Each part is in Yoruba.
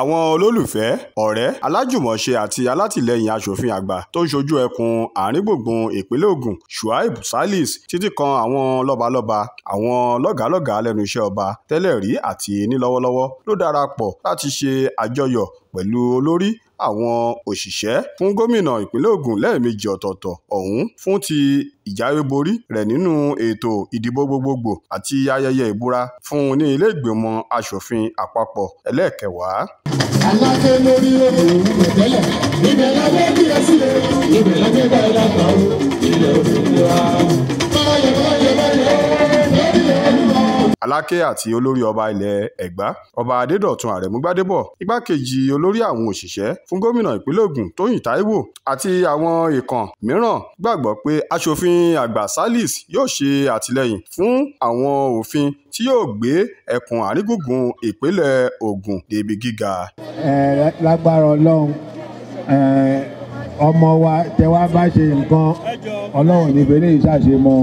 àwọn olólùfẹ́ ọ̀rẹ́ alájùmọ̀ṣe àti alátìlẹyìn asòfin àgbà tó ń ṣojú ẹkùn àárín gbùngbùn ìpínlẹ̀ Ògùn Shuaib Salis títí kan àwọn lọ́balọ́ba àwọn lọ́gàálọ́gàá lẹ́nu iṣẹ́ ọba tẹ́lẹ̀ rí àti ní lọ́wọ́lọ́wọ́ ló darapọ̀ láti ṣe àjọyọ̀ pẹ̀lú olórí àwọn òṣìṣẹ́ fún gómìnà ìpínlẹ̀ Ògùn lẹ́ẹ̀mejì ọ̀tọ̀ọ̀tọ̀ ọ̀hún fún ti ìjáwéborí rẹ̀ nínú ètò ìdìbò gbogbogbò àti ayẹyẹ ìbúra fún ní ilé ìgbìmọ̀ asòfin àpapọ̀ ẹlẹ́ẹ̀kẹwàá. aláṣẹ lórí ògùn òwúrọ̀ tẹ́lẹ̀ ibẹ̀ bí ẹ sílẹ̀ ibẹ̀ lábẹ́ bá lágbàá o ilẹ̀ òdòdó wa. aláké àti olórí ọba ilẹ̀ ẹ̀gbá ọba adédọ̀tun àrẹ̀múgbádébọ̀ igbákejì olórí àwọn òṣìṣẹ́ fún gómìnà ìpínlẹ̀ ògùn tóyìn taiwo àti àwọn ìkan mìíràn gbàgbọ́ pé aṣòfin àgbà salis yóò ṣe àtìlẹ́yìn fún àwọn òfin tí yóò gbé ẹkùn àrígùngùn ìpínlẹ̀ ògùn débi gíga. ẹ lágbára ọlọ́run ọmọ wa tẹ wá bá ṣe nǹkan ọlọ́run nífẹ̀ẹ́ ní ìṣàṣemọ́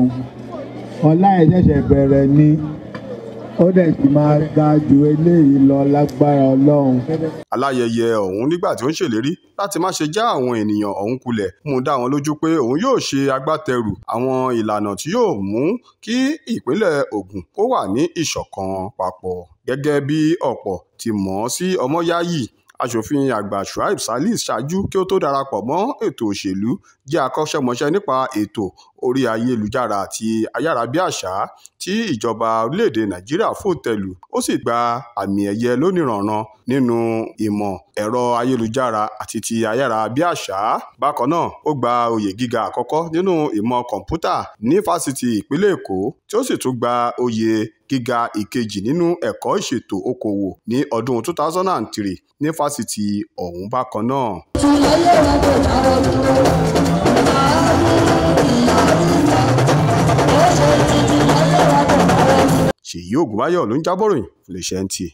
ọlá ẹ̀ ṣẹ̀ṣẹ̀ bẹ̀rẹ̀ ni ó dẹ̀ sì máa ga ju eléyìí lọ lágbára ọlọ́run. aláyẹyẹ ọ̀hún nígbà tí ó ń ṣèlérí láti má ṣe já àwọn ènìyàn ọ̀hún kulẹ̀ mú dá wọn lójú pé òun yóò ṣe agbátẹrù àwọn ìlànà tí yóò mú kí ìpínlẹ̀ Ògùn kó wà ní ìṣọ̀kan papọ̀ gẹ́gẹ́ bí ọ̀pọ̀ ti mọ̀ ọ́ sí Ọmọ́yáyì aṣòfin àgbà shuaib salih ṣáájú kí ó tó darapọ̀ mọ́ ètò òṣèlú jẹ́ akọ́ṣẹ́mọṣẹ́ nípa ètò orí ayélujára àti ayárabíàṣá tí ìjọba orílẹ̀-èdè nàìjíríà fòǹtẹ̀lù ó sì gba àmì ẹ̀yẹ lóníranran nínú ìmọ̀ ẹ̀rọ ayélujára àti ti ayárabíàṣá bákan náà ó gba oyè gíga àkọ́kọ́ nínú ìmọ̀ kọ̀ǹpútà ní fásitì ìpínlẹ̀ èkó tí ó sì tún gba oyè gíga ìkejì nínú ẹ̀kọ́ ìṣètò okòwò ní ọdún 2003 ní fásitì fásitì ọ̀hún bákan náà. ìtúláyé Ṣèyí Ògúnbáyọ̀ ló ń jábọ̀ròyìn fún iléeṣẹ́ NTA.